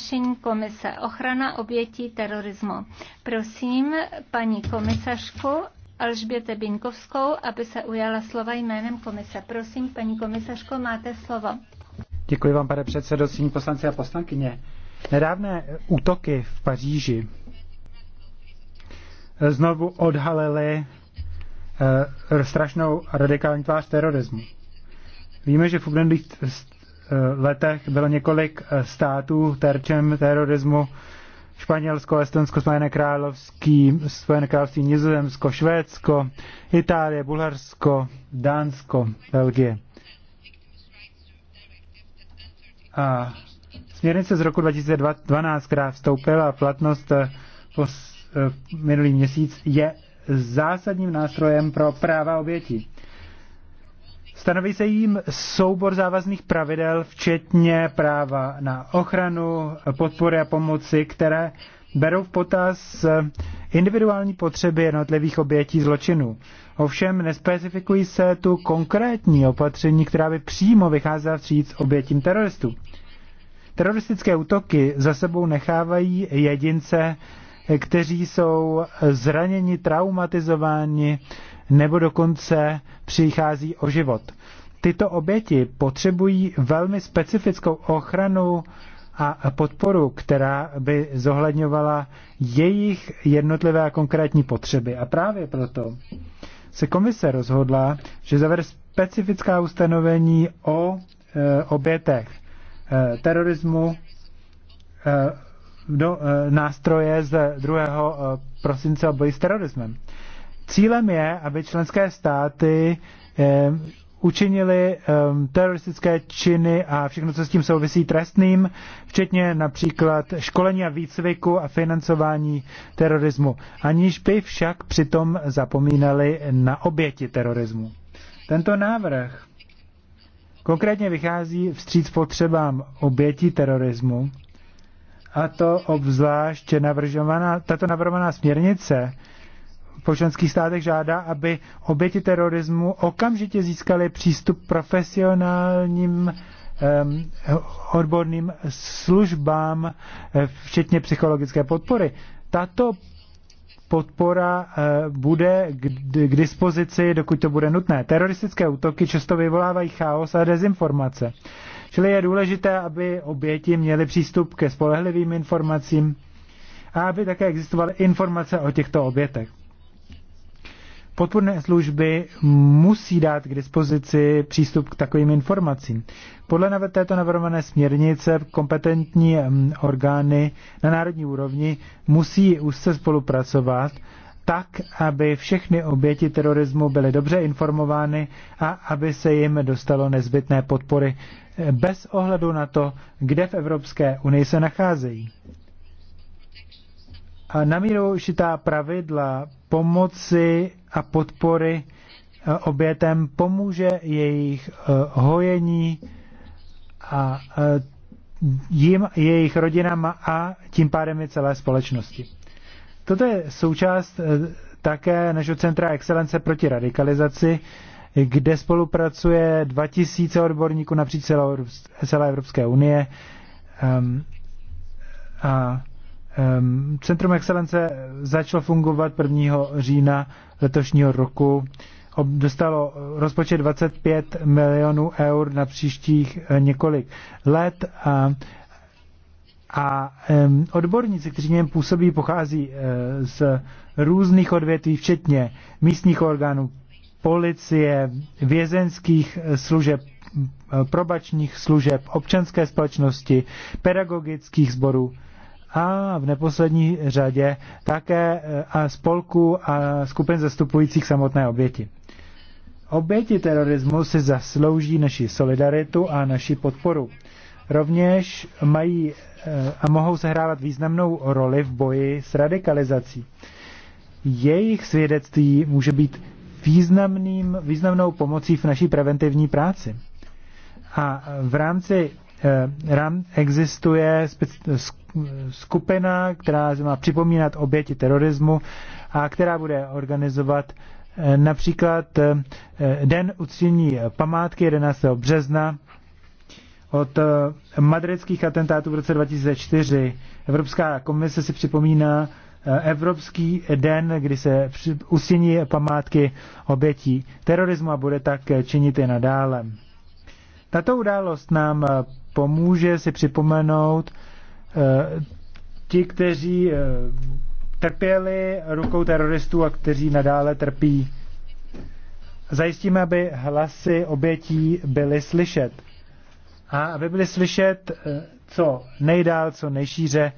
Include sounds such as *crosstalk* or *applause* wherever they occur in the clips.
prohlášení Komise Ochrana obětí terorismu. Prosím paní komisařku Alžběte Binkovskou, aby se ujala slova jménem komise. Prosím, paní komisařko, máte slovo. Děkuji vám, pane předsedo, poslanci a poslankyně. Nedávné útoky v Paříži znovu odhalily eh, strašnou radikální tvář terorismu. Víme, že v uplynulých Eh, letech bylo několik eh, států terčem terorismu. Španělsko, Estonsko, Spojené království, Spojené království, Nizozemsko, Švédsko, Itálie, Bulharsko, Dánsko, Belgie. A směrnice z roku 2012, která vstoupila v platnost eh, po minulý měsíc, je zásadním nástrojem pro práva obětí. Stanoví se jim soubor závazných pravidel, včetně práva na ochranu, podpory a pomoci, které berou v potaz individuální potřeby jednotlivých obětí zločinů. Ovšem nespecifikují se tu konkrétní opatření, která by přímo vycházela vstříc obětím teroristů. Teroristické útoky za sebou nechávají jedince, kteří jsou zraněni, traumatizováni, nebo dokonce přichází o život. Tyto oběti potřebují velmi specifickou ochranu a podporu, která by zohledňovala jejich jednotlivé a konkrétní potřeby. A právě proto se komise rozhodla, že zavede specifická ustanovení o e, obětech e, terorismu e, do, e, nástroje z 2. E, prosince o boji s terorismem. Cílem je, aby členské státy eh, učinili um, teroristické činy a všechno, co s tím souvisí trestným, včetně například školení a výcviku a financování terorismu, aniž by však přitom zapomínali na oběti terorismu. Tento návrh konkrétně vychází vstříc potřebám obětí terorismu, a to obzvlášť navržovaná, tato navrhovaná směrnice po členských státech žádá, aby oběti terorismu okamžitě získali přístup profesionálním odborným službám, eh, včetně psychologické podpory. Tato podpora eh, bude k dispozici, dokud to bude nutné. Teroristické útoky často vyvolávají chaos a dezinformace. Čili je důležité, aby oběti měly přístup ke spolehlivým informacím a aby také existovaly informace o těchto obětech. Podporné služby musí dát k dispozici přístup k takovým informacím. Podle této navrhované směrnice kompetentní orgány na národní úrovni musí úzce spolupracovat tak, aby všechny oběti terorismu byly dobře informovány a aby se jim dostalo nezbytné podpory eh, bez ohledu na to, kde v Evropské unii se nacházejí. A na míru šitá pravidla pomoci a podpory eh, obětem pomůže jejich eh, hojení a eh, jim, jejich rodinám a tím pádem i celé společnosti. Toto je součást také našeho Centra Excelence proti radikalizaci, kde spolupracuje 2000 odborníků napříč celé Evropské unie. Ehm, a Ehm, Centrum excelence začalo fungovat 1. října letošního roku. Dostalo rozpočet 25 milionů eur na příštích eh, několik let a, a ehm, odborníci, kteří něm působí, pochází eh, z různých odvětví, včetně místních orgánů, policie, vězenských eh, služeb, probačních služeb, občanské společnosti, pedagogických sborů a v neposlední řadě také eh, spolků a skupin zastupujících samotné oběti. Oběti terorismu si zaslouží naši solidaritu a naši podporu. Rovněž mají eh, a mohou sehrávat významnou roli v boji s radikalizací. Jejich svědectví může být významným, významnou pomocí v naší preventivní práci. A v rámci Eh, RAM existuje eh, eh, skupina, která má připomínat oběti terorismu a která bude organizovat například Den uctění památky 11. března od madridských atentátů v roce 2004. Evropská komise si připomíná Evropský den, kdy se uctění památky obětí terorismu a bude tak činit i nadále. Tato událost nám eh, pomůže si připomenout eh, ti, kteří eh, trpěli rukou teroristů a kteří nadále trpí. Zajistíme, aby hlasy obětí byly slyšet. A aby byly slyšet co nejdál, co nejšíře,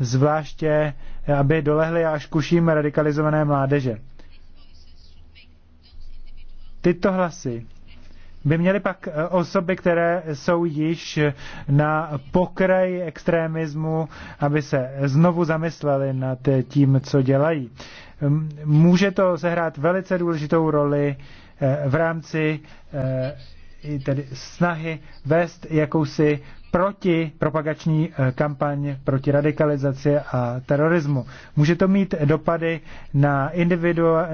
zvláště aby dolehly až kuším radikalizované mládeže. Tyto hlasy by měly pak eh, osoby, které jsou již eh, na pokraji extremismu, aby se znovu zamysleli nad eh, tím, co dělají. Ehm, může to sehrát velice důležitou roli v rámci tedy snahy vést jakousi proti propagační eh, kampaň proti radikalizaci a terorismu. Může to mít dopady na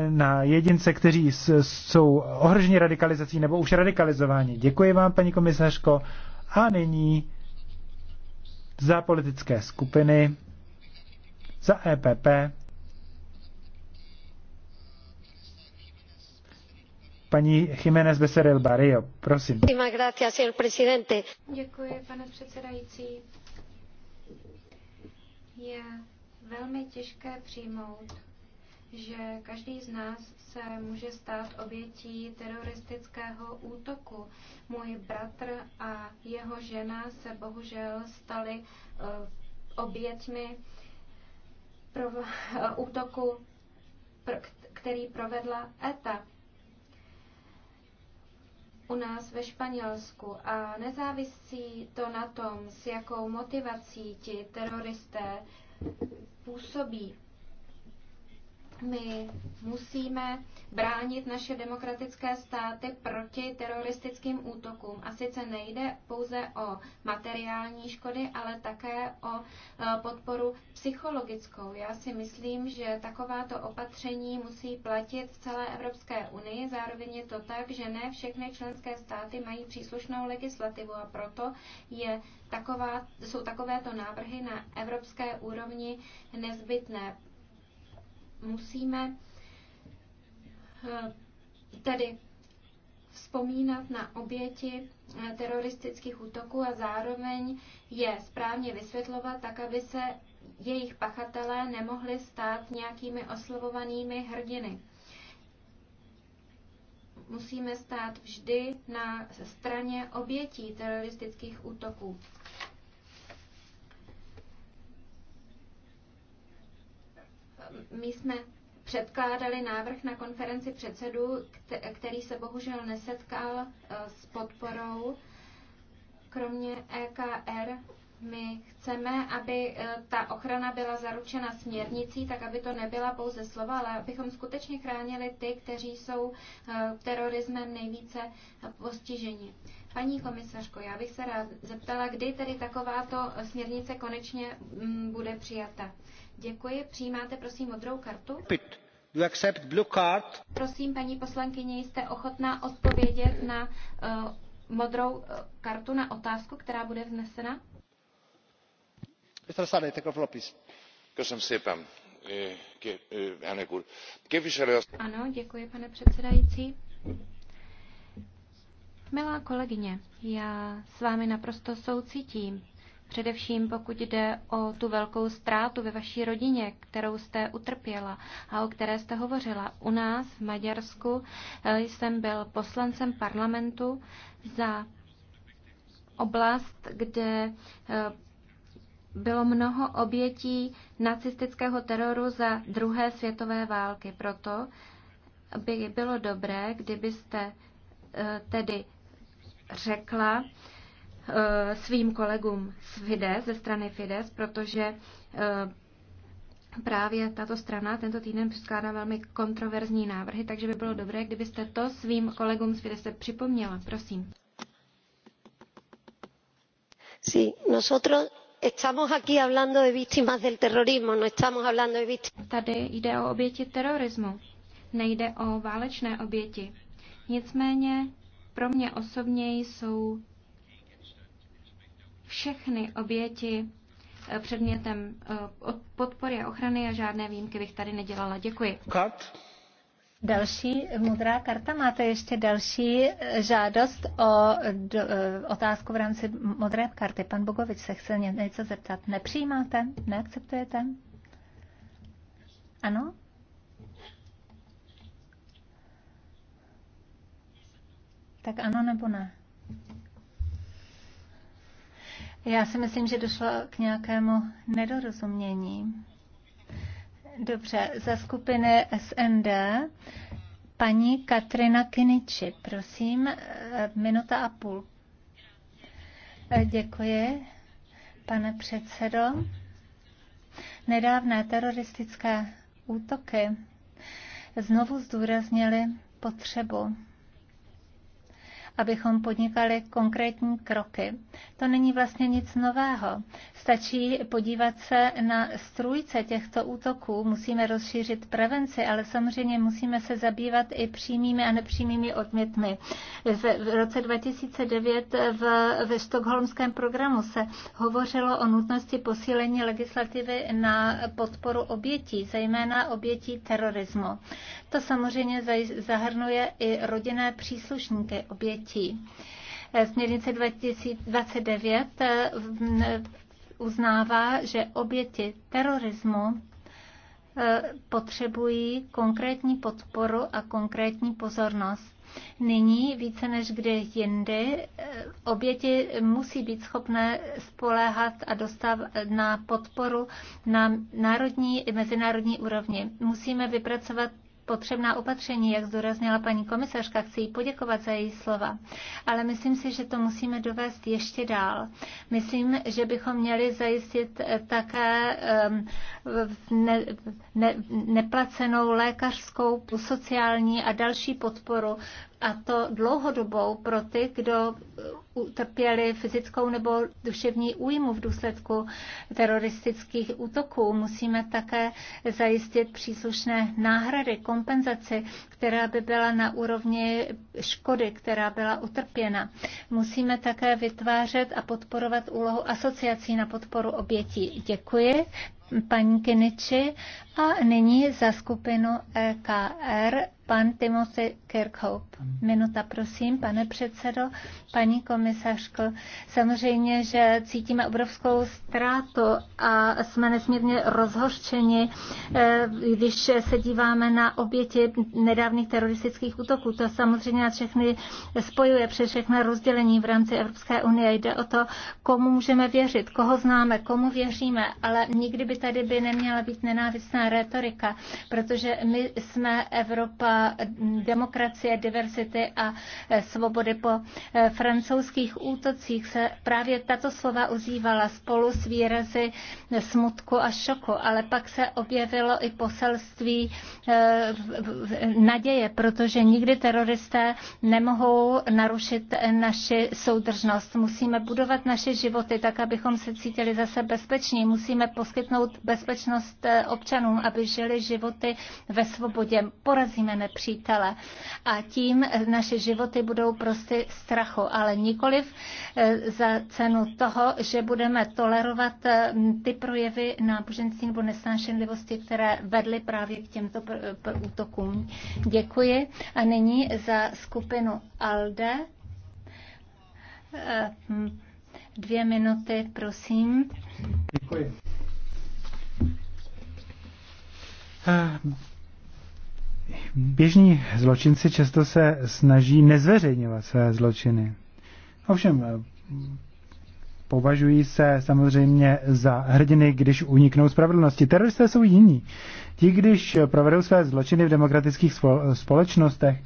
na jedince, kteří jsou ohroženi radikalizací nebo už radikalizováni. Děkuji vám, paní komisařko. A nyní za politické skupiny, za EPP, Paní Jiménez Becerril Barrio, prosím. Děkuji, pane předsedající. Je velmi těžké přijmout, že každý z nás se může stát obětí teroristického útoku. Můj bratr a jeho žena se bohužel stali eh, oběťmi *laughs* útoku, který provedla ETA u nás ve Španělsku a nezávisí to na tom, s jakou motivací ti teroristé působí my musíme bránit naše demokratické státy proti teroristickým útokům. A sice nejde pouze o materiální škody, ale také o e, podporu psychologickou. Já si myslím, že takováto opatření musí platit v celé Evropské unii. Zároveň je to tak, že ne všechny členské státy mají příslušnou legislativu a proto je taková, jsou takovéto návrhy na evropské úrovni nezbytné musíme eh, tedy vzpomínat na oběti eh, teroristických útoků a zároveň je správně vysvětlovat tak, aby se jejich pachatelé nemohli stát nějakými oslovovanými hrdiny. Musíme stát vždy na straně obětí teroristických útoků. my jsme předkládali návrh na konferenci předsedů, který se bohužel nesetkal eh, s podporou. Kromě EKR my chceme, aby eh, ta ochrana byla zaručena směrnicí, tak aby to nebyla pouze slova, ale abychom skutečně chránili ty, kteří jsou eh, terorismem nejvíce postiženi. Paní komisařko, já bych se rád zeptala, kdy tedy takováto směrnice konečně mm, bude přijata. Děkuji. Přijímáte prosím modrou kartu? Pit. You accept blue card? Prosím, paní poslankyně, jste ochotná odpovědět na uh, modrou uh, kartu na otázku, která bude vznesena? Mr. Sally, take Lopez. Köszönöm szépen, eh, elnök úr. Képviselő... Ano, děkuji, pane předsedající. Milá kolegyně, já s vámi naprosto soucitím. Především pokud jde o tu velkou ztrátu ve vaší rodině, kterou jste utrpěla a o které jste hovořila. U nás v Maďarsku eh, jsem byl poslancem parlamentu za oblast, kde eh, bylo mnoho obětí nacistického teroru za druhé světové války. Proto by bylo dobré, kdybyste eh, tedy řekla, Eh, svým kolegům z Fides, ze strany Fides, protože eh, právě tato strana tento týden předkládá velmi kontroverzní návrhy, takže by bylo dobré, kdybyste to svým kolegům z Fidese připomněla. Prosím. Sí, nosotros estamos aquí hablando de víctimas del terrorismo, no estamos hablando de víctimas. Tady jde o oběti terorismu, nejde o válečné oběti. Nicméně pro mě osobně jsou všechny oběti eh, předmětem eh, podpory a ochrany a žádné výjimky bych tady nedělala. Děkuji. Kat? Další modrá karta. Máte ještě další eh, žádost o do, otázku v rámci modré karty. Pan Bogovič se chce něco zeptat. Nepřijímáte? Neakceptujete? Ano? Tak ano nebo ne? Já si myslím, že došlo k nějakému nedorozumění. Dobře, za skupiny SND paní Katrina Kiniči, prosím, minuta a půl. Děkuji, pane předsedo. Nedávné teroristické útoky znovu zdůraznily potřebu abychom podnikali konkrétní kroky. To není vlastně nic nového. Stačí podívat se na strůjce těchto útoků. Musíme rozšířit prevenci, ale samozřejmě musíme se zabývat i přímými a nepřímými odmětmi. V roce 2009 v, ve štokholmském programu se hovořilo o nutnosti posílení legislativy na podporu obětí, zejména obětí terorismu. To samozřejmě zahrnuje i rodinné příslušníky obětí dětí. Eh, směrnice 2029 eh, uznává, že oběti terorismu eh, potřebují konkrétní podporu a konkrétní pozornost. Nyní více než kdy jindy oběti musí být schopné spoléhat a dostat na podporu na národní i mezinárodní úrovni. Musíme vypracovat potřebná opatření, jak zdůraznila paní komisařka. Chci jí poděkovat za její slova. Ale myslím si, že to musíme dovést ještě dál. Myslím, že bychom měli zajistit eh, také ehm, ne, ne, neplacenou lékařskou, sociální a další podporu a to dlouhodobou pro ty, kdo uh, utrpěli fyzickou nebo duševní újmu v důsledku teroristických útoků. Musíme také zajistit příslušné náhrady, kompenzaci, která by byla na úrovni škody, která byla utrpěna. Musíme také vytvářet a podporovat úlohu asociací na podporu obětí. Děkuji paní Kiniči a nyní za skupinu EKR pan Timothy Kirkhope. Minuta, prosím, pane předsedo, paní komisařko. Samozřejmě, že cítíme obrovskou ztrátu a jsme nesmírně rozhořčeni, eh, když se díváme na oběti nedávných teroristických útoků. To samozřejmě nás všechny spojuje přes všechny rozdělení v rámci Evropské unie. Jde o to, komu můžeme věřit, koho známe, komu věříme, ale nikdy by tady by neměla být nenávistná retorika, protože my jsme Evropa demokracie, diversity a eh, svobody. Po eh, francouzských útocích se právě tato slova uzývala spolu s výrazy smutku a šoku, ale pak se objevilo i poselství eh, naděje, protože nikdy teroristé nemohou narušit naši soudržnost. Musíme budovat naše životy tak, abychom se cítili zase bezpeční. Musíme poskytnout bezpečnost občanům, aby žili životy ve svobodě. Porazíme ne nepřítele. A tím naše životy budou prostě strachu, ale nikoliv eh, za cenu toho, že budeme tolerovat eh, ty projevy náboženství nebo nesnášenlivosti, které vedly právě k těmto útokům. Děkuji. A nyní za skupinu ALDE. Eh, dvě minuty, prosím. Děkuji. Běžní zločinci často se snaží nezveřejňovat své zločiny. Ovšem, eh, považují se samozřejmě za hrdiny, když uniknou spravedlnosti. Teroristé jsou jiní. Ti, když provedou své zločiny v demokratických společnostech,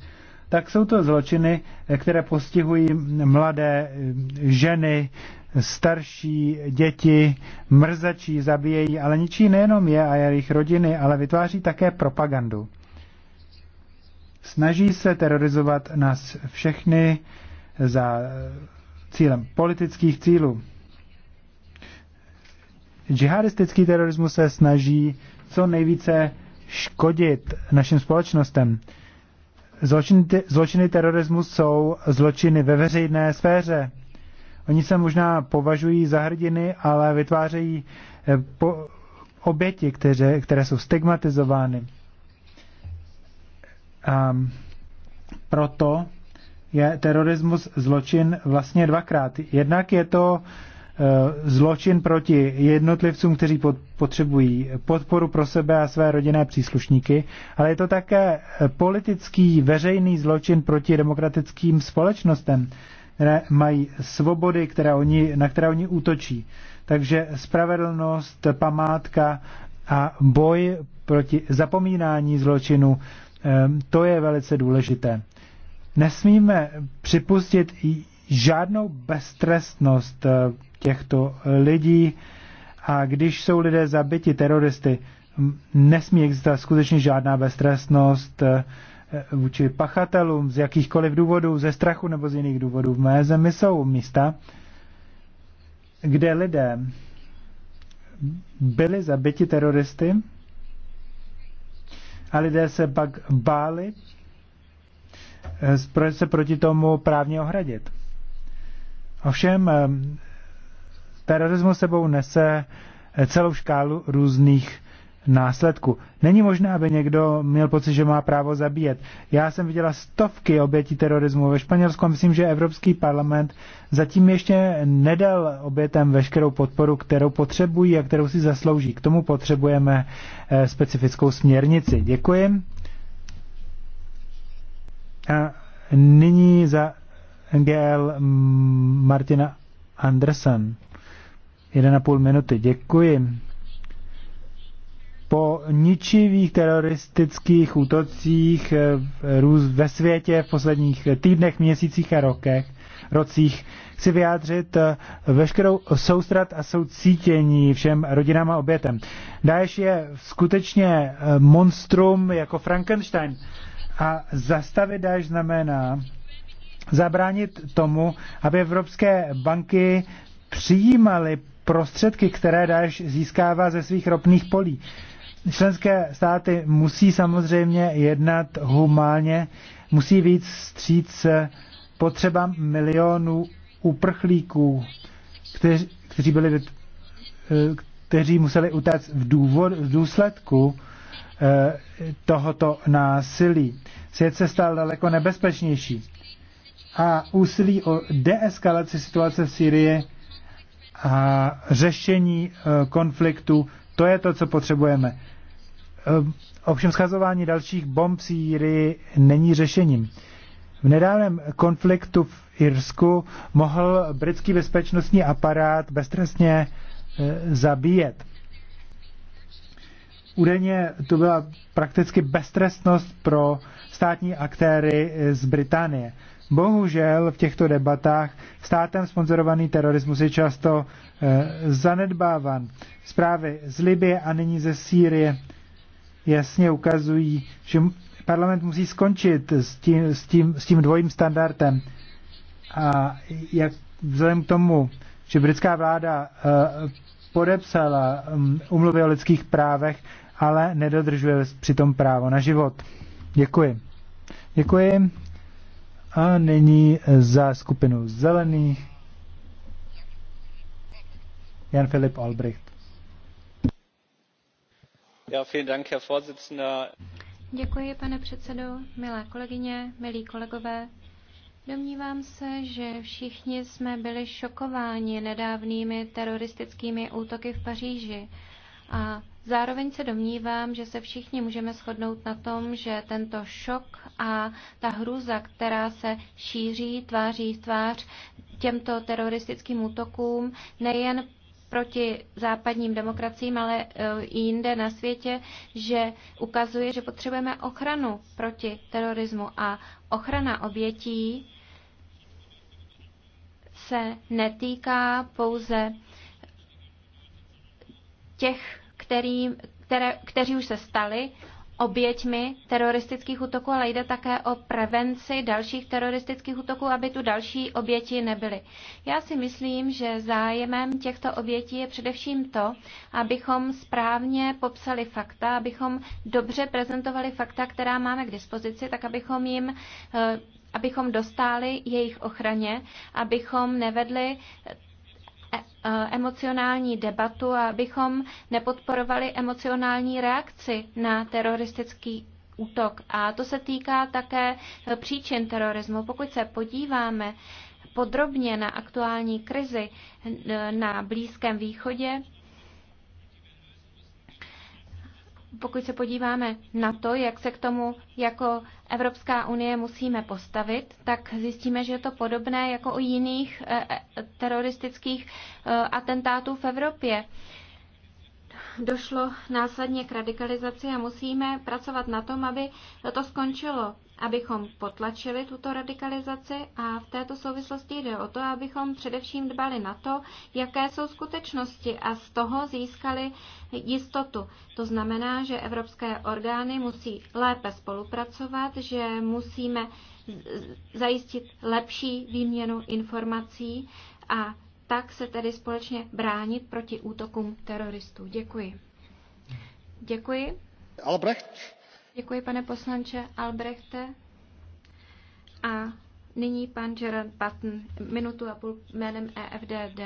tak jsou to zločiny, eh, které postihují mladé eh, ženy, starší, děti, mrzačí, zabíjejí, ale ničí nejenom je a jejich rodiny, ale vytváří také propagandu. Snaží se terorizovat nás všechny za cílem politických cílů. Džihadistický terorismus se snaží co nejvíce škodit našim společnostem. Zločiny, zločiny terorismu jsou zločiny ve veřejné sféře. Oni se možná považují za hrdiny, ale vytvářejí eh, po, oběti, které, které jsou stigmatizovány. Um, proto je terorismus zločin vlastně dvakrát. Jednak je to eh, zločin proti jednotlivcům, kteří potřebují podporu pro sebe a své rodinné příslušníky, ale je to také eh, politický veřejný zločin proti demokratickým společnostem, které mají svobody, které oni, na které oni útočí. Takže spravedlnost, památka a boj proti zapomínání zločinu, to je velice důležité. Nesmíme připustit žádnou beztrestnost eh, těchto lidí a když jsou lidé zabiti teroristy, nesmí existovat skutečně žádná beztrestnost eh, vůči pachatelům z jakýchkoliv důvodů, ze strachu nebo z jiných důvodů. V mé zemi jsou místa, kde lidé byli zabiti teroristy a lidé se pak báli eh, se proti tomu právně ohradit. Ovšem, eh, terorismus sebou nese eh, celou škálu různých následku. Není možné, aby někdo měl pocit, že má právo zabíjet. Já jsem viděla stovky obětí terorismu ve Španělsku a myslím, že Evropský parlament zatím ještě nedal obětem veškerou podporu, kterou potřebují a kterou si zaslouží. K tomu potřebujeme eh, specifickou směrnici. Děkuji. A nyní za NGL mm, Martina Andersen. 1,5 minuty. Děkuji po ničivých teroristických útocích eh, ve světě v posledních týdnech, měsících a rokech, rocích chci vyjádřit eh, veškerou soustrat a soucítění všem rodinám a obětem. Daesh je skutečně eh, monstrum jako Frankenstein a zastavit Daesh znamená zabránit tomu, aby evropské banky přijímaly prostředky, které Daesh získává ze svých ropných polí. Členské státy musí samozřejmě jednat humálně, musí víc stříc potřebám milionů uprchlíků, kteř, kteří byli eh, kteří museli utéct v, důvod, v důsledku eh, tohoto násilí. Svět se stal daleko nebezpečnější a úsilí o deeskalaci situace v Syrii a řešení eh, konfliktu to je to, co potřebujeme. Ehm, ovšem schazování dalších bomb v Sýrii není řešením. V nedávném konfliktu v Irsku mohl britský bezpečnostní aparát beztrestně e, zabíjet. Údajně to byla prakticky beztrestnost pro státní aktéry e, z Británie. Bohužel v těchto debatách státem sponzorovaný terorismus je často e, eh, zanedbávan. Zprávy z Libie a nyní ze Sýrie jasně ukazují, že parlament musí skončit s tím, s tím, s tím dvojím standardem. A jak vzhledem k tomu, že britská vláda e, podepsala mm, umluvy o lidských právech, ale nedodržuje přitom právo na život. Děkuji. Děkuji. A není za skupinu zelených Jan Filip Albrecht. Děkuji, pane předsedo, milé kolegyně, milí kolegové. Domnívám se, že všichni jsme byli šokováni nedávnými teroristickými útoky v Paříži a Zároveň se domnívám, že se všichni můžeme shodnout na tom, že tento šok a ta hruza, která se šíří tváří v tvář těmto teroristickým útokům, nejen proti západním demokraciím, ale e, i jinde na světě, že ukazuje, že potřebujeme ochranu proti terorismu a ochrana obětí se netýká pouze těch který, které, kteří už se stali oběťmi teroristických útoků, ale jde také o prevenci dalších teroristických útoků, aby tu další oběti nebyly. Já si myslím, že zájemem těchto obětí je především to, abychom správně popsali fakta, abychom dobře prezentovali fakta, která máme k dispozici, tak abychom jim eh, abychom dostáli jejich ochraně, abychom nevedli Eh, emocionální debatu a abychom nepodporovali emocionální reakci na teroristický útok. A to se týká také eh, příčin terorismu. Pokud se podíváme podrobně na aktuální krizi eh, na Blízkém východě, pokud se podíváme na to, jak se k tomu jako Evropská unie musíme postavit, tak zjistíme, že je to podobné jako u jiných eh, eh, teroristických eh, atentátů v Evropě došlo následně k radikalizaci a musíme pracovat na tom, aby to skončilo, abychom potlačili tuto radikalizaci a v této souvislosti jde o to, abychom především dbali na to, jaké jsou skutečnosti a z toho získali jistotu. To znamená, že evropské orgány musí lépe spolupracovat, že musíme zajistit lepší výměnu informací a tak se tedy společně bránit proti útokům teroristů. Děkuji. Děkuji. Albrecht. Děkuji, pane poslanče Albrechte. A Nyní pan Gerard Patton, minutu a půl jménem EFDD.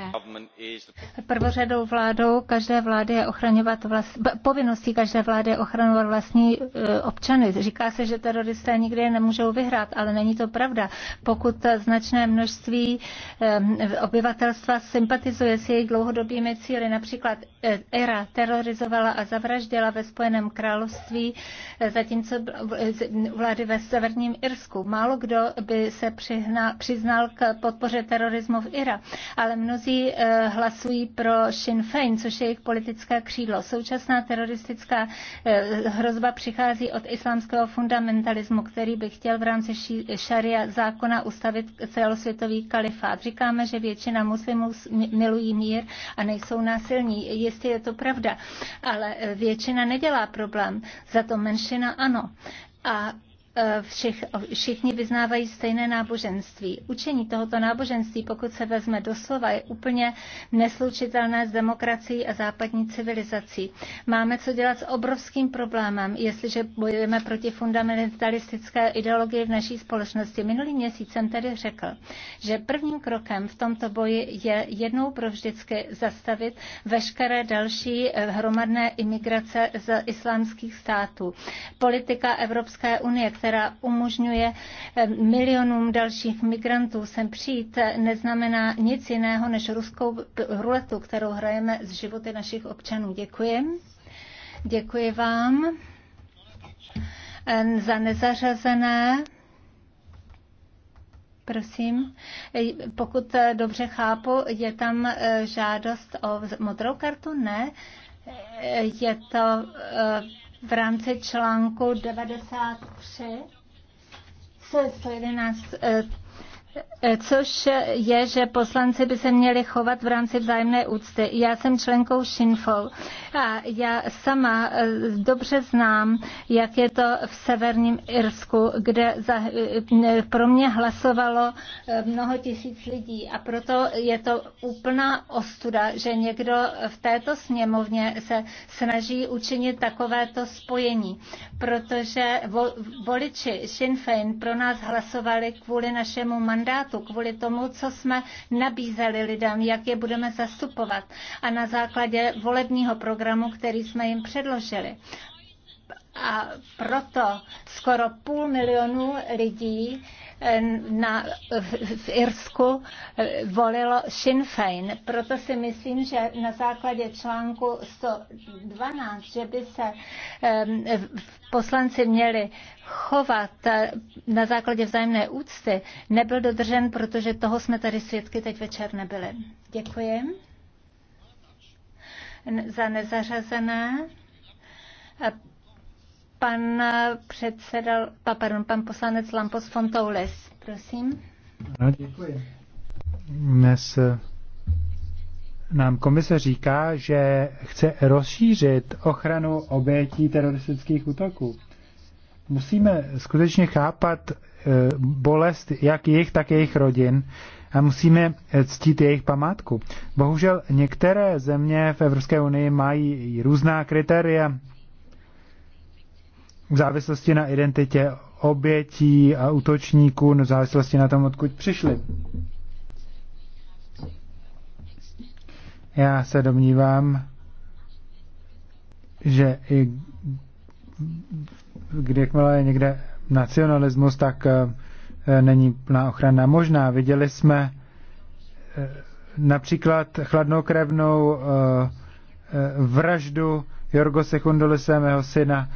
Prvořadou vládou každé vlády je ochraňovat vlast... povinností každé vlády je ochraňovat vlastní e, občany. Říká se, že teroristé nikdy nemůžou vyhrát, ale není to pravda. Pokud značné množství e, obyvatelstva sympatizuje s jejich dlouhodobými cíly, například e, ERA terorizovala a zavraždila ve Spojeném království, zatímco vlády ve Severním Irsku. Málo kdo by se přiznal k podpoře terorismu v Ira, ale mnozí eh, hlasují pro Sinn Féin, což je jejich politické křídlo. Současná teroristická eh, hrozba přichází od islámského fundamentalismu, který by chtěl v rámci šaria zákona ustavit celosvětový kalifát. Říkáme, že většina muslimů milují mír a nejsou násilní. Jistě je to pravda, ale eh, většina nedělá problém, za to menšina ano. A E, všich, všichni vyznávají stejné náboženství. Učení tohoto náboženství, pokud se vezme doslova, je úplně neslučitelné s demokracií a západní civilizací. Máme co dělat s obrovským problémem, jestliže bojujeme proti fundamentalistické ideologii v naší společnosti. Minulý měsíc jsem tedy řekl, že prvním krokem v tomto boji je jednou pro vždycky zastavit veškeré další e, hromadné imigrace z islámských států. Politika Evropské unie, která která umožňuje eh, milionům dalších migrantů sem přijít, eh, neznamená nic jiného než ruskou ruletu, kterou hrajeme z životy našich občanů. Děkuji. Děkuji vám eh, za nezařazené. Prosím, pokud dobře chápu, je tam žádost o modrou kartu? Ne. Je to v rámci článku 93 se 111 eh, Eh, což je, že poslanci by se měli chovat v rámci vzájemné úcty. Já jsem členkou Šinfol a já sama eh, dobře znám, jak je to v severním Irsku, kde za, eh, pro mě hlasovalo mnoho tisíc lidí a proto je to úplná ostuda, že někdo v této sněmovně se snaží učinit takovéto spojení, protože voliči Sinn Féin pro nás hlasovali kvůli našemu mandátu mandátu, kvůli tomu, co jsme nabízeli lidem, jak je budeme zastupovat a na základě volebního programu, který jsme jim předložili. A proto skoro půl milionu lidí na, v Irsku volilo Sinn Féin. Proto si myslím, že na základě článku 112, že by se poslanci měli chovat eh, na základě vzájemné úcty, nebyl dodržen, protože toho jsme tady svědky teď večer nebyli. Děkuji. Za nezařazené pan předseda, pardon, pan poslanec Lampos Fontoules, Prosím. No, děkuji. Dnes eh, nám komise říká, že chce rozšířit ochranu obětí teroristických útoků. Musíme skutečně chápat eh, bolest jak jejich, tak jejich rodin a musíme eh, ctít jejich památku. Bohužel některé země v Evropské unii mají různá kritéria v závislosti na identitě obětí a útočníků, v závislosti na tom, odkud přišli. Já se domnívám, že i kdykoliv je někde nacionalismus, tak eh, není plná ochrana možná. Viděli jsme eh, například chladnokrevnou eh, vraždu Jorgo Kondolise, mého syna,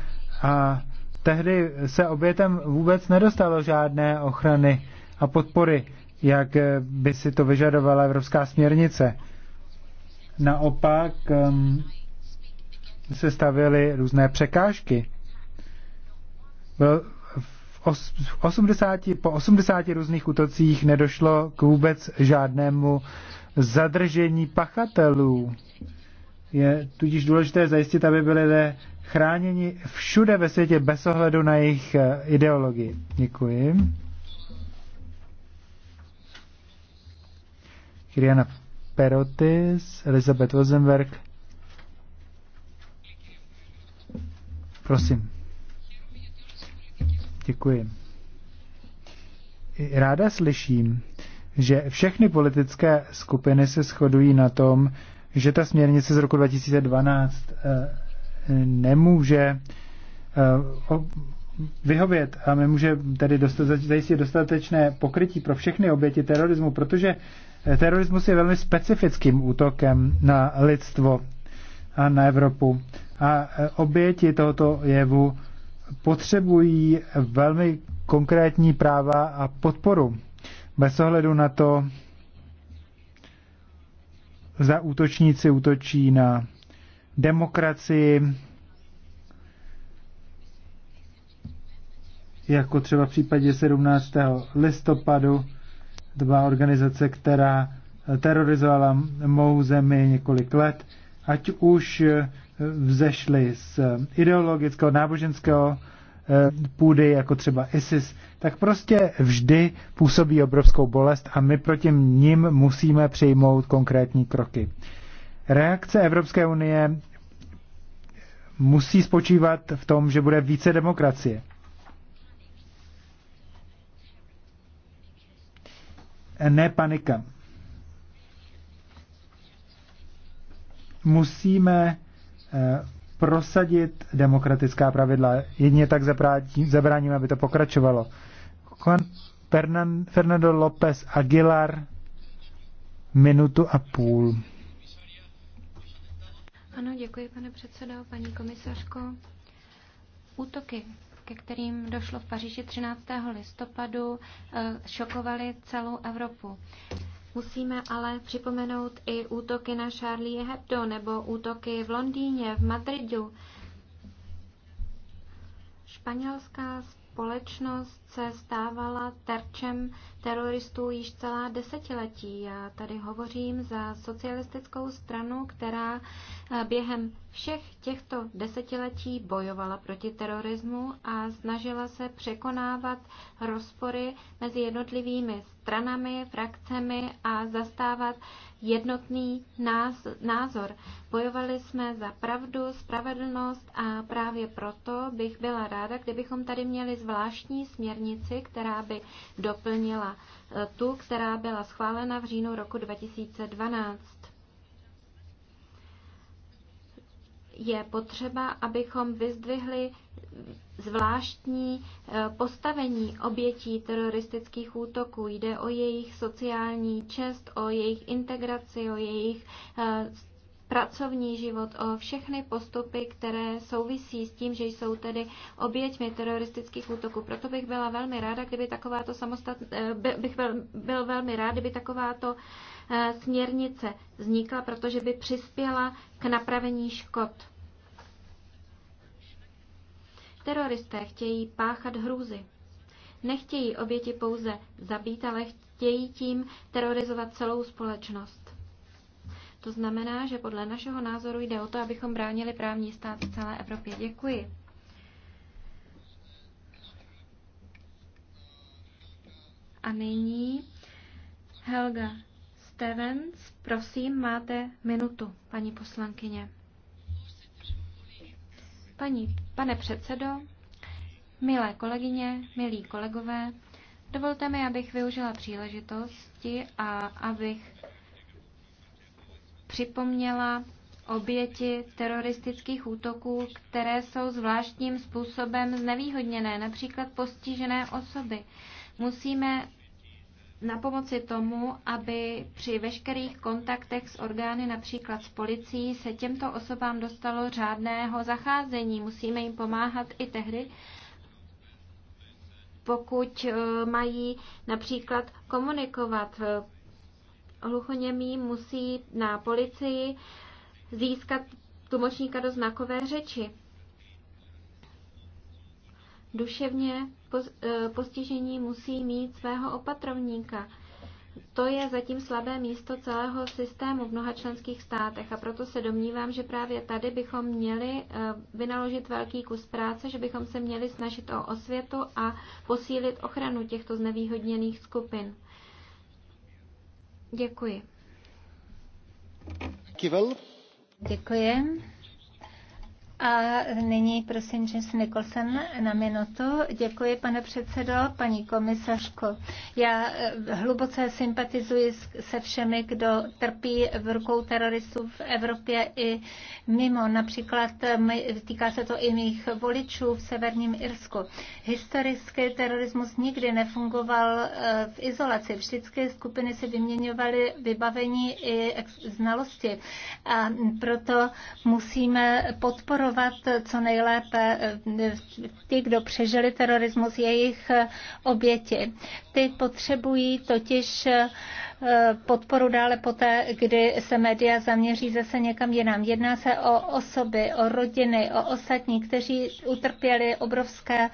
a tehdy se obětem vůbec nedostalo žádné ochrany a podpory, jak by si to vyžadovala Evropská směrnice. Naopak um, se stavěly různé překážky. v 80, po 80 různých útocích nedošlo k vůbec žádnému zadržení pachatelů. Je tudíž důležité zajistit, aby byly chráněni všude ve světě bez ohledu na jejich eh, ideologii. Děkuji. Kriana Perotis, Elizabeth Rosenberg. Prosím. Děkuji. Ráda slyším, že všechny politické skupiny se shodují na tom, že ta směrnice z roku 2012 eh, nemůže eh, vyhovět a nemůže tedy zajistit dostatečné pokrytí pro všechny oběti terorismu, protože eh, terorismus je velmi specifickým útokem na lidstvo a na Evropu. A eh, oběti tohoto jevu potřebují velmi konkrétní práva a podporu. Bez ohledu na to, za útočníci útočí na demokracii, jako třeba v případě 17. listopadu. To byla organizace, která terorizovala mou zemi několik let, ať už vzešly z ideologického, náboženského eh, půdy, jako třeba ISIS, tak prostě vždy působí obrovskou bolest a my proti ním musíme přijmout konkrétní kroky. Reakce Evropské unie musí spočívat v tom, že bude více demokracie. Ne panika. Musíme eh, prosadit demokratická pravidla. Jedině tak zabráníme, aby to pokračovalo. Fernando López Aguilar minutu a půl. Ano, děkuji, pane předsedo, paní komisařko. Útoky, ke kterým došlo v Paříži 13. listopadu, eh, šokovaly celou Evropu. Musíme ale připomenout i útoky na Charlie Hebdo nebo útoky v Londýně, v Madridu. Španělská společnost se stávala terčem teroristů již celá desetiletí. Já tady hovořím za socialistickou stranu, která eh, během všech těchto desetiletí bojovala proti terorismu a snažila se překonávat rozpory mezi jednotlivými stranami, frakcemi a zastávat jednotný názor. Bojovali jsme za pravdu, spravedlnost a právě proto bych byla ráda, kdybychom tady měli zvláštní směrnice směrnici, která by doplnila eh, tu, která byla schválena v říjnu roku 2012. Je potřeba, abychom vyzdvihli zvláštní eh, postavení obětí teroristických útoků. Jde o jejich sociální čest, o jejich integraci, o jejich eh, pracovní život, o všechny postupy, které souvisí s tím, že jsou tedy oběťmi teroristických útoků. Proto bych byla velmi ráda, kdyby takováto samostat, eh, bych byl, byl velmi rád, kdyby takováto eh, směrnice vznikla, protože by přispěla k napravení škod. Teroristé chtějí páchat hrůzy. Nechtějí oběti pouze zabít, ale chtějí tím terorizovat celou společnost. To znamená, že podle našeho názoru jde o to, abychom bránili právní stát v celé Evropě. Děkuji. A nyní Helga Stevens, prosím, máte minutu, paní poslankyně. Paní, pane předsedo, milé kolegyně, milí kolegové, dovolte mi, abych využila příležitosti a abych připomněla oběti teroristických útoků, které jsou zvláštním způsobem znevýhodněné, například postižené osoby. Musíme na pomoci tomu, aby při veškerých kontaktech s orgány, například s policií, se těmto osobám dostalo řádného zacházení. Musíme jim pomáhat i tehdy, pokud eh, mají například komunikovat, eh, hluchoněmí musí na policii získat tlumočníka do znakové řeči. Duševně eh, postižení musí mít svého opatrovníka. To je zatím slabé místo celého systému v mnoha členských státech a proto se domnívám, že právě tady bychom měli eh, vynaložit velký kus práce, že bychom se měli snažit o osvětu a posílit ochranu těchto znevýhodněných skupin. Děkuji. Děkuji. A nyní prosím James Nikolsen na minutu. Děkuji, pane předsedo, paní komisařko. Já eh, hluboce sympatizuji se všemi, kdo trpí v rukou teroristů v Evropě i mimo. Například eh, týká se to i mých voličů v Severním Irsku. Historicky terorismus nikdy nefungoval eh, v izolaci. Vždycky skupiny se vyměňovaly vybavení i znalosti. A proto musíme podporovat zachovat co nejlépe eh, ty, kdo přežili terorismus, jejich eh, oběti. Ty potřebují totiž eh, Eh, podporu dále poté, kdy se média zaměří zase někam jinam. Jedná se o osoby, o rodiny, o ostatní, kteří utrpěli obrovské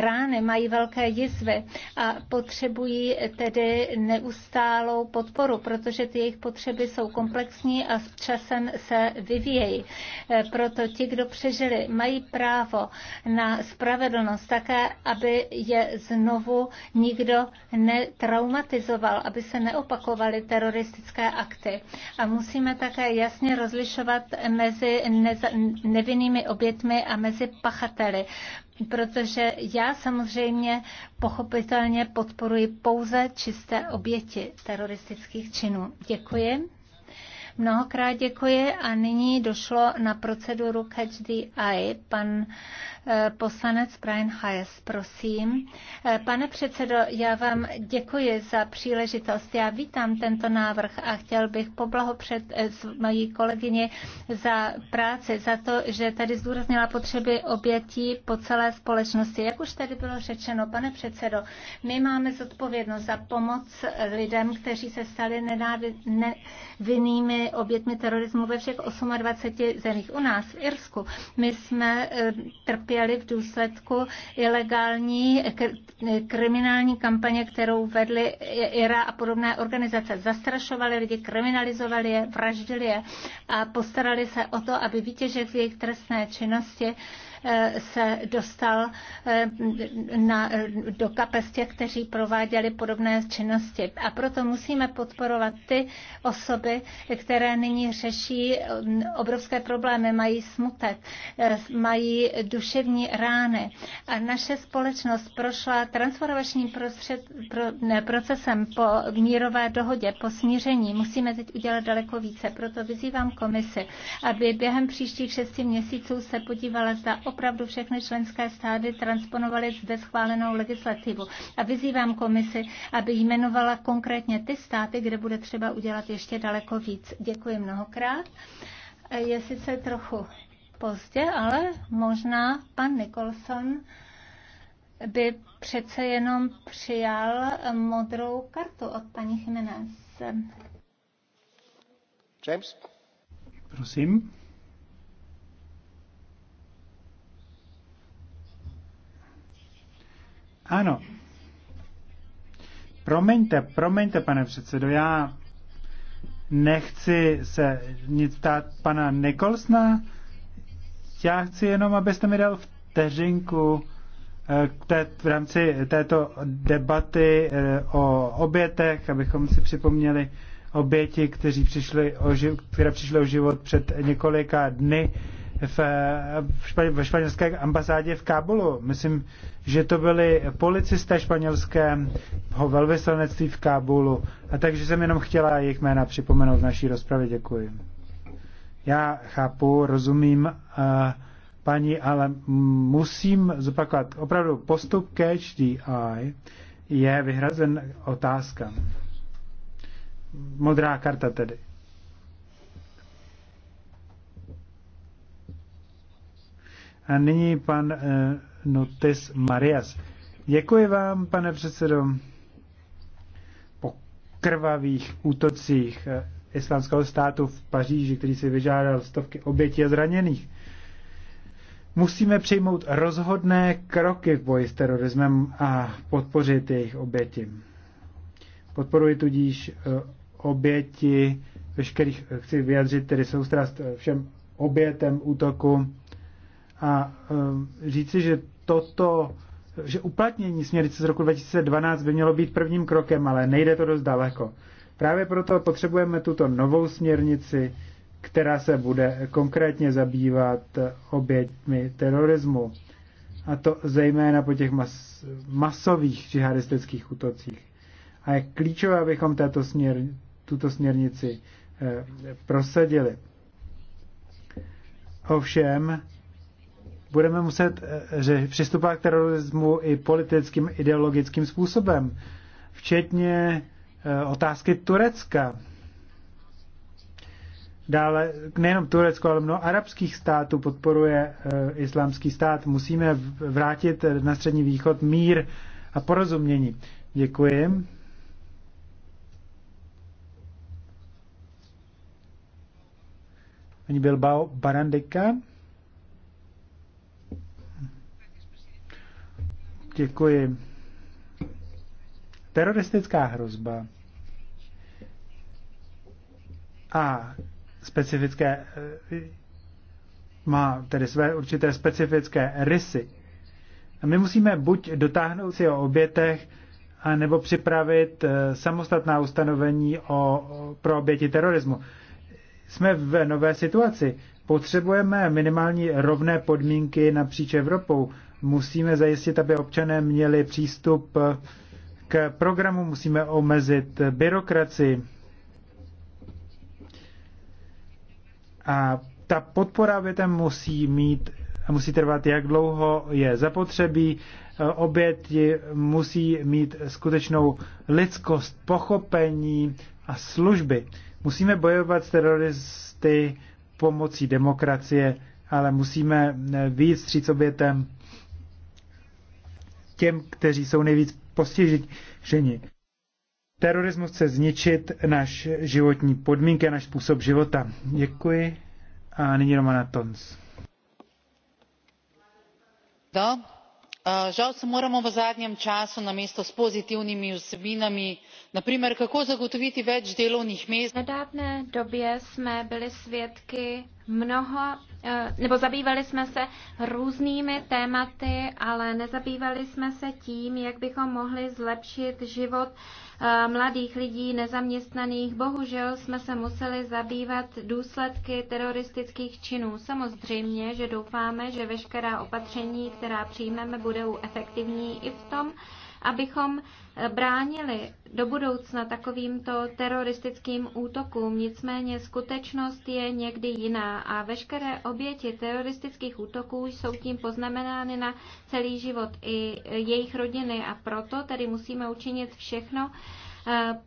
rány, mají velké jizvy a potřebují tedy neustálou podporu, protože ty jejich potřeby jsou komplexní a s časem se vyvíjejí. Eh, proto ti, kdo přežili, mají právo na spravedlnost také, aby je znovu nikdo netraumatizoval, aby se neopakoval opakovaly teroristické akty. A musíme také jasně rozlišovat mezi nevinnými obětmi a mezi pachateli, protože já samozřejmě pochopitelně podporuji pouze čisté oběti teroristických činů. Děkuji. Mnohokrát děkuji a nyní došlo na proceduru Catch the Eye. Pan eh, poslanec Brian Hayes, prosím. Eh, pane předsedo, já vám děkuji za příležitost. Já vítám tento návrh a chtěl bych eh, s mojí kolegyně za práci, za to, že tady zdůraznila potřeby obětí po celé společnosti. Jak už tady bylo řečeno, pane předsedo, my máme zodpovědnost za pomoc lidem, kteří se stali nenávi, oběťmi terorismu ve všech 28 zemích. U nás v Irsku my jsme eh, trpěli v důsledku ilegální kriminální kampaně, kterou vedly IRA a podobné organizace. Zastrašovali lidi, kriminalizovali je, vraždili je a postarali se o to, aby výtěžek v jejich trestné činnosti se dostal eh, na, do kapes těch, kteří prováděli podobné činnosti. A proto musíme podporovat ty osoby, které nyní řeší eh, obrovské problémy, mají smutek, eh, mají duševní rány. A naše společnost prošla transformačním prostřed, pro, ne, procesem po mírové dohodě, po smíření. Musíme teď udělat daleko více. Proto vyzývám komisi, aby během příštích šesti měsíců se podívala, za opravdu všechny členské státy transponovaly zde schválenou legislativu. A vyzývám komisi, aby jmenovala konkrétně ty státy, kde bude třeba udělat ještě daleko víc. Děkuji mnohokrát. Je sice trochu pozdě, ale možná pan Nicholson by přece jenom přijal modrou kartu od paní Jiménez. James? Prosím. Ano. Promiňte, promiňte, pane předsedo, já nechci se nic ptát pana Nikolsna. Já chci jenom, abyste mi dal vteřinku eh, té, v rámci této debaty eh, o obětech, abychom si připomněli oběti, kteří přišli o, které přišly o život před několika dny v, ve španělské ambasádě v Kábulu. Myslím, že to byly policisté španělského velvyslanectví v Kábulu. A takže jsem jenom chtěla jejich jména připomenout v naší rozpravě. Děkuji. Já chápu, rozumím, eh, paní, ale musím zopakovat. Opravdu postup KHDI je vyhrazen otázka. Modrá karta tedy. A nyní pan eh, Nutis Marias. Děkuji vám, pane předsedo. Po krvavých útocích eh, islámského státu v Paříži, který si vyžádal stovky obětí a zraněných, musíme přijmout rozhodné kroky v boji s terorismem a podpořit jejich oběti. Podporuji tudíž eh, oběti veškerých, chci vyjadřit tedy soustrast všem obětem útoku a ehm, říci, že toto, že uplatnění směrnice z roku 2012 by mělo být prvním krokem, ale nejde to dost daleko. Právě proto potřebujeme tuto novou směrnici, která se bude konkrétně zabývat oběťmi terorismu. A to zejména po těch mas- masových džihadistických útocích. A je klíčové, abychom této směr- tuto směrnici e, prosadili. Ovšem, budeme muset eh, že přistupovat k terorismu i politickým, ideologickým způsobem, včetně eh, otázky Turecka. Dále nejenom Turecko, ale mnoho arabských států podporuje eh, islámský stát. Musíme vrátit na Střední východ mír a porozumění. Děkuji. Paní byl Barandika. Děkuji. Teroristická hrozba a specifické eh, má tedy své určité specifické rysy. A my musíme buď dotáhnout si o obětech, nebo připravit eh, samostatná ustanovení o, pro oběti terorismu. Jsme v nové situaci. Potřebujeme minimální rovné podmínky napříč Evropou Musíme zajistit, aby občané měli přístup k programu, musíme omezit byrokracii. A ta podpora obětem musí mít a musí trvat, jak dlouho je zapotřebí. Oběti musí mít skutečnou lidskost, pochopení a služby. Musíme bojovat s teroristy pomocí demokracie, ale musíme víc stříc obětem těm, kteří jsou nejvíc postiženi. Terorismus chce zničit náš životní podmínky náš způsob života. Děkuji. A nyní Romana Tons. Do. Žal se moramo v zadnjem času namesto s pozitivnimi vsebinami, naprimer kako zagotoviti več delovnih mest. V nedávné době jsme byli svědky mnoho, eh, nebo zabývali jsme se různými tématy, ale nezabývali jsme se tím, jak bychom mohli zlepšit život eh, mladých lidí nezaměstnaných. Bohužel jsme se museli zabývat důsledky teroristických činů. Samozřejmě, že doufáme, že veškerá opatření, která přijmeme, budou efektivní i v tom, abychom eh, bránili do budoucna takovýmto teroristickým útokům. Nicméně skutečnost je někdy jiná a veškeré oběti teroristických útoků jsou tím poznamenány na celý život i eh, jejich rodiny a proto tedy musíme učinit všechno, eh,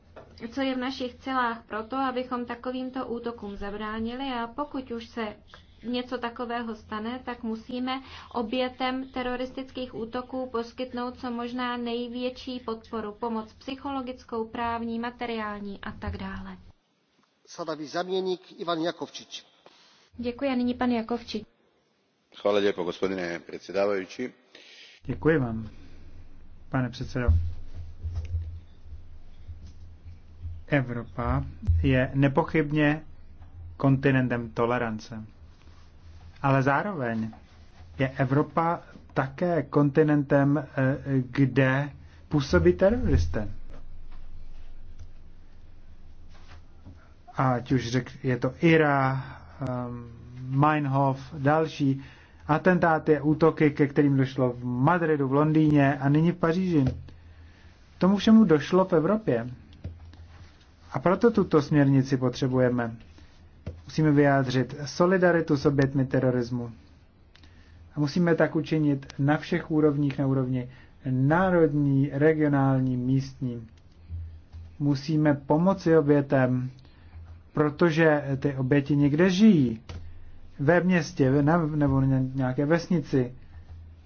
co je v našich celách proto, abychom takovýmto útokům zabránili a pokud už se k něco takového stane, tak musíme obětem teroristických útoků poskytnout co možná největší podporu, pomoc psychologickou, právní, materiální a tak dále. Sadavý zaměník Ivan Jakovčič. Děkuji a nyní pan Jakovčič. Chvále děkuji, gospodine předsedávající. Děkuji vám, pane předsedo. Evropa je nepochybně kontinentem tolerance ale zároveň je Evropa také kontinentem, eh, kde působí teroristé. Ať už řek, je to Ira, um, Meinhof, další atentáty, útoky, ke kterým došlo v Madridu, v Londýně a nyní v Paříži. Tomu všemu došlo v Evropě. A proto tuto směrnici potřebujeme. Musíme vyjádřit solidaritu s obětmi terorismu. A musíme tak učinit na všech úrovních, na úrovni národní, regionální, místní. Musíme pomoci obětem, protože ty oběti někde žijí. Ve městě nebo na nějaké vesnici.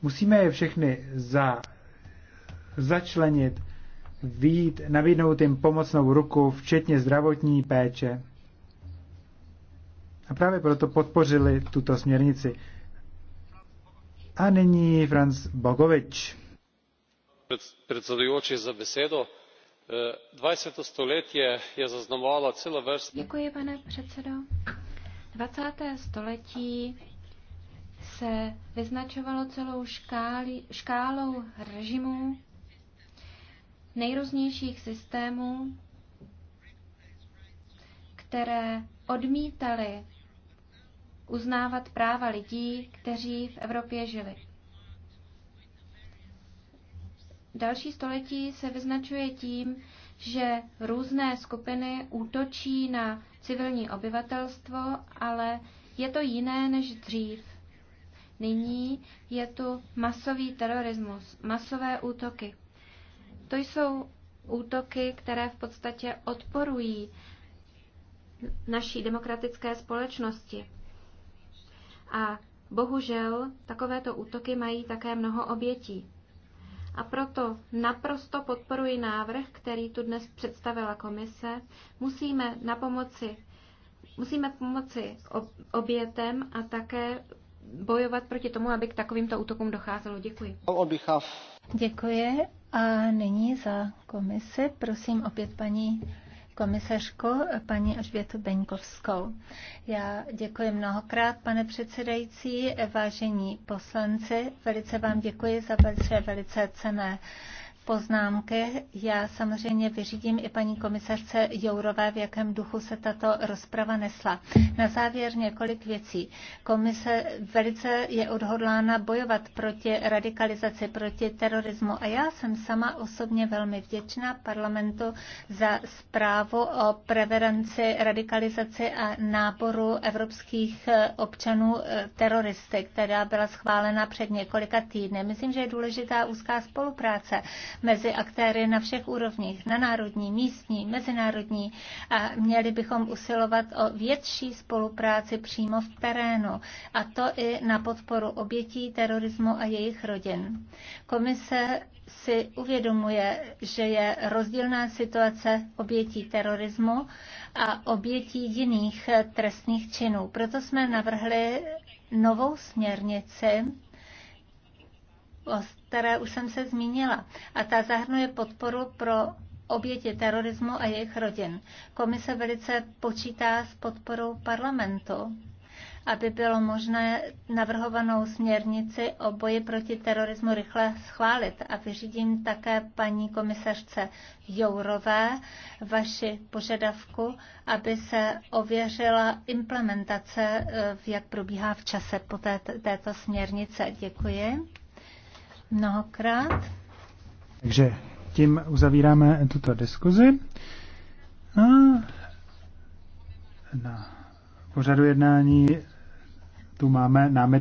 Musíme je všechny za, začlenit, vít, nabídnout jim pomocnou ruku, včetně zdravotní péče. A právě proto podpořili tuto směrnici. A nyní Franz Bogovič. Předsedující za besedu. 20. Eh, století je zaznamovala celá vrsta... Děkuji, pane předsedo. 20. století se vyznačovalo celou škáli, škálou režimů, nejrůznějších systémů, které odmítaly uznávat práva lidí, kteří v Evropě žili. Další století se vyznačuje tím, že různé skupiny útočí na civilní obyvatelstvo, ale je to jiné než dřív. Nyní je tu masový terorismus, masové útoky. To jsou útoky, které v podstatě odporují naší demokratické společnosti. A bohužel takovéto útoky mají také mnoho obětí. A proto naprosto podporuji návrh, který tu dnes představila komise. Musíme na pomoci musíme pomoci obětem a také bojovat proti tomu, aby k takovýmto útokům docházelo. Děkuji. Děkuji a nyní za komise, prosím opět paní komisařko, paní Alžbětu Beňkovskou. Já děkuji mnohokrát, pane předsedající, vážení poslanci, velice vám děkuji za velice, velice cené poznámky. Já samozřejmě vyřídím i paní komisařce Jourové, v jakém duchu se tato rozprava nesla. Na závěr několik věcí. Komise velice je odhodlána bojovat proti radikalizaci, proti terorismu a já jsem sama osobně velmi vděčná parlamentu za zprávu o preveranci radikalizaci a náboru evropských eh, občanů eh, teroristy, která byla schválena před několika týdny. Myslím, že je důležitá úzká spolupráce mezi aktéry na všech úrovních, na národní, místní, mezinárodní a měli bychom usilovat o větší spolupráci přímo v terénu a to i na podporu obětí terorismu a jejich rodin. Komise si uvědomuje, že je rozdílná situace obětí terorismu a obětí jiných trestných činů. Proto jsme navrhli novou směrnici o které už jsem se zmínila, a ta zahrnuje podporu pro oběti terorismu a jejich rodin. Komise velice počítá s podporou parlamentu, aby bylo možné navrhovanou směrnici o boji proti terorismu rychle schválit. A vyřídím také paní komisařce Jourové vaši požadavku, aby se ověřila implementace, eh, jak probíhá v čase po této směrnice. Děkuji mnohokrát. Takže tím uzavíráme tuto diskuzi. A na pořadu jednání tu máme námitku.